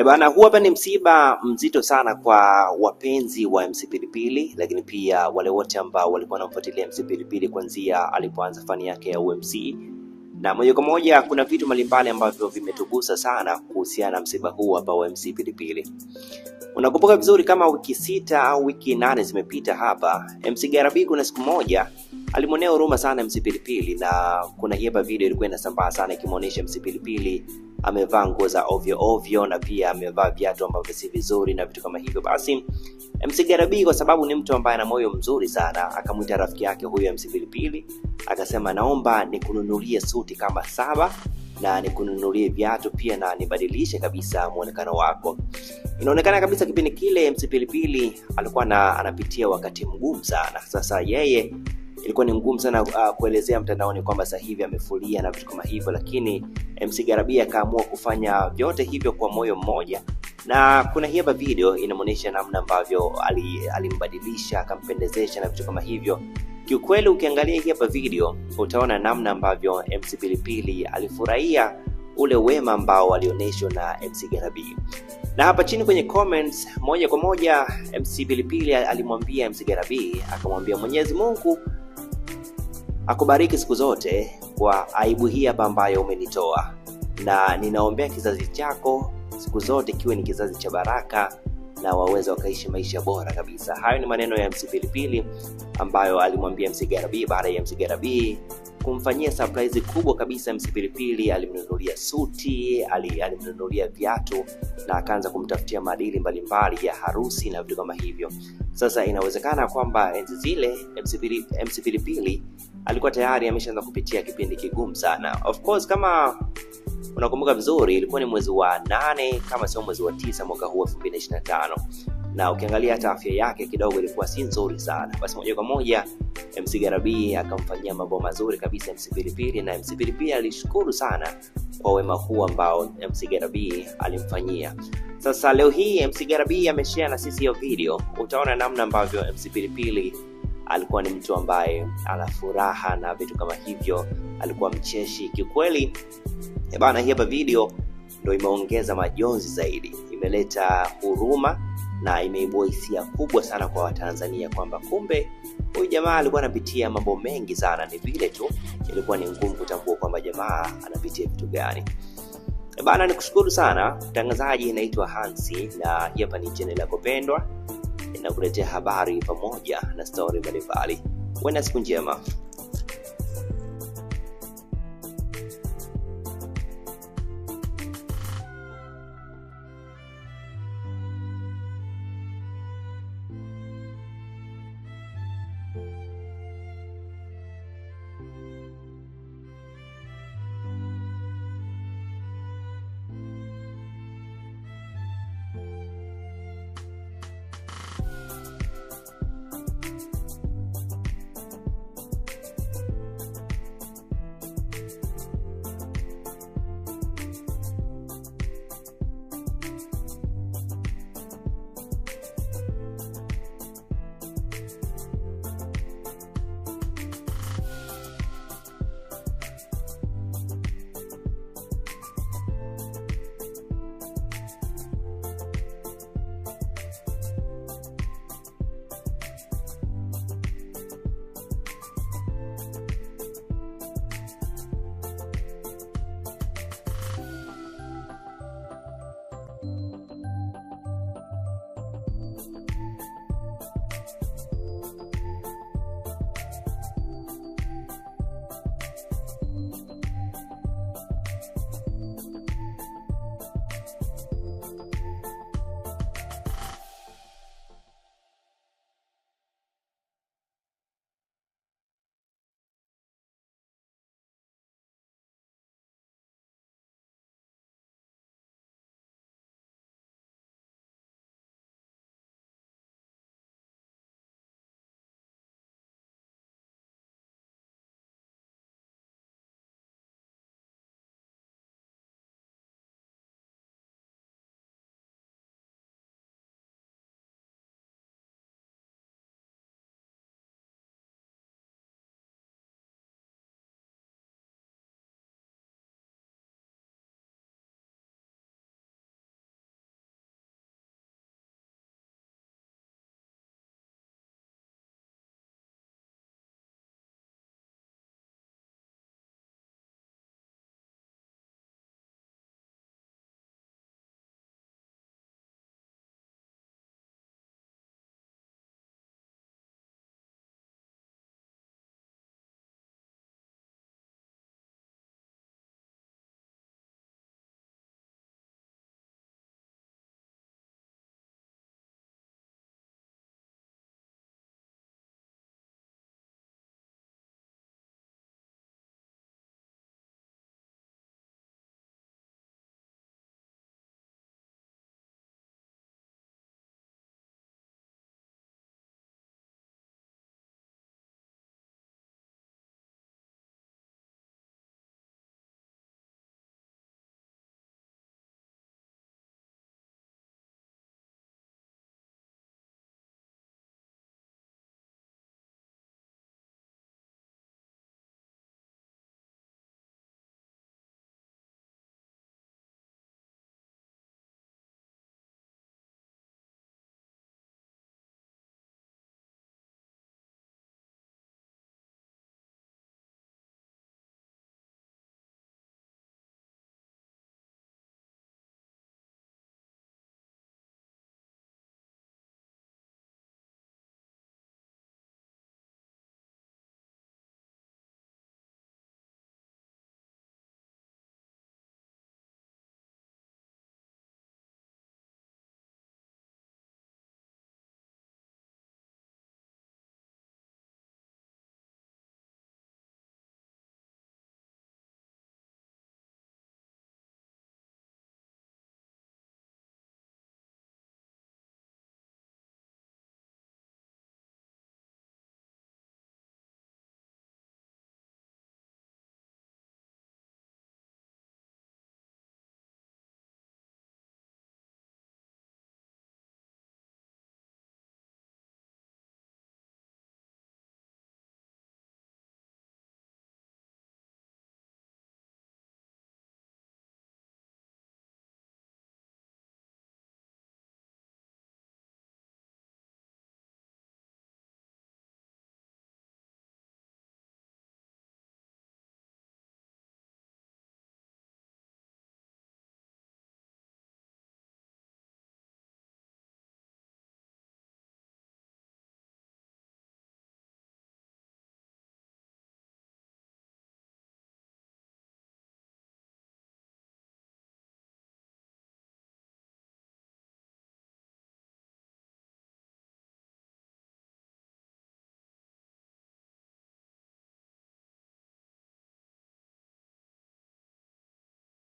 E bana, huu hapa ni msiba mzito sana kwa wapenzi wa MC Pilipili, lakini pia wale wote ambao walikuwa wanamfuatilia MC Pilipili kuanzia alipoanza fani yake ya UMC, na moja kwa moja kuna vitu mbalimbali ambavyo vimetugusa sana kuhusiana na msiba huu hapa wa MC Pilipili. Unakumbuka vizuri kama wiki sita au wiki nane zimepita hapa, MC Garabi kuna siku moja alimwonea huruma sana MC Pilipili, na kuna hiepa video ilikuwa inasambaa sana ikimwonyesha MC Pilipili amevaa nguo za ovyo ovyo na pia amevaa viatu ambavyo si vizuri na vitu kama hivyo basi mcgarabii kwa sababu ni mtu ambaye ana moyo mzuri sana akamwita rafiki yake huyo mc pilipili akasema naomba nikununulie suti kama saba na nikununulie viatu pia na nibadilishe kabisa mwonekano wako inaonekana kabisa kipindi kile mc pilipili alikuwa na anapitia wakati mgumu sana sasa yeye ilikuwa ni ngumu sana uh, kuelezea mtandaoni kwamba sasa hivi amefulia na vitu kama hivyo, lakini MC garabi akaamua kufanya vyote hivyo kwa moyo mmoja na kuna hii hapa video inamwonyesha namna ambavyo alimbadilisha akampendezesha na vitu kama hivyo. Kiukweli, ukiangalia hapa video utaona namna ambavyo MC Pilipili alifurahia ule wema ambao alionyeshwa na MC Garabi. Na hapa chini kwenye comments, moja kwa moja MC Pilipili alimwambia MC Garabi, akamwambia Mwenyezi Mungu akubariki siku zote kwa aibu hii hapa ambayo umenitoa, na ninaombea kizazi chako siku zote kiwe ni kizazi cha baraka na waweze wakaishi maisha bora kabisa. Hayo ni maneno ya MC Pilipili ambayo alimwambia MC baada ya MC garabi kumfanyia surprise kubwa kabisa MC Pilipili. Alimnunulia suti, alimnunulia viatu na akaanza kumtafutia maadili mbalimbali ya harusi na vitu kama hivyo. Sasa inawezekana kwamba enzi zile MC Pilipili alikuwa tayari ameshaanza kupitia kipindi kigumu sana. Of course kama unakumbuka vizuri, ilikuwa ni mwezi wa nane kama sio mwezi wa tisa mwaka huu 2025 na ukiangalia hata afya yake kidogo ilikuwa si nzuri sana. Basi moja kwa moja MC Garabi akamfanyia mambo mazuri kabisa MC Pilipili, na MC Pilipili alishukuru sana kwa wema huu ambao MC Garabi alimfanyia. Sasa leo hii MC Garabi ameshare na sisi hiyo video, utaona namna ambavyo MC Pilipili alikuwa ni mtu ambaye ana furaha na vitu kama hivyo, alikuwa mcheshi kikweli. Eh bana, hii hapa video ndo imeongeza majonzi zaidi, imeleta huruma na imeibua hisia kubwa sana kwa Watanzania kwamba kumbe huyu jamaa alikuwa anapitia mambo mengi sana, ni vile tu ilikuwa ni ngumu kutambua kwamba jamaa anapitia vitu gani. E bana, nikushukuru sana mtangazaji. Inaitwa Hansi na hapa ni jene la kupendwa inakuletea habari pamoja na stori mbalimbali. wena siku njema.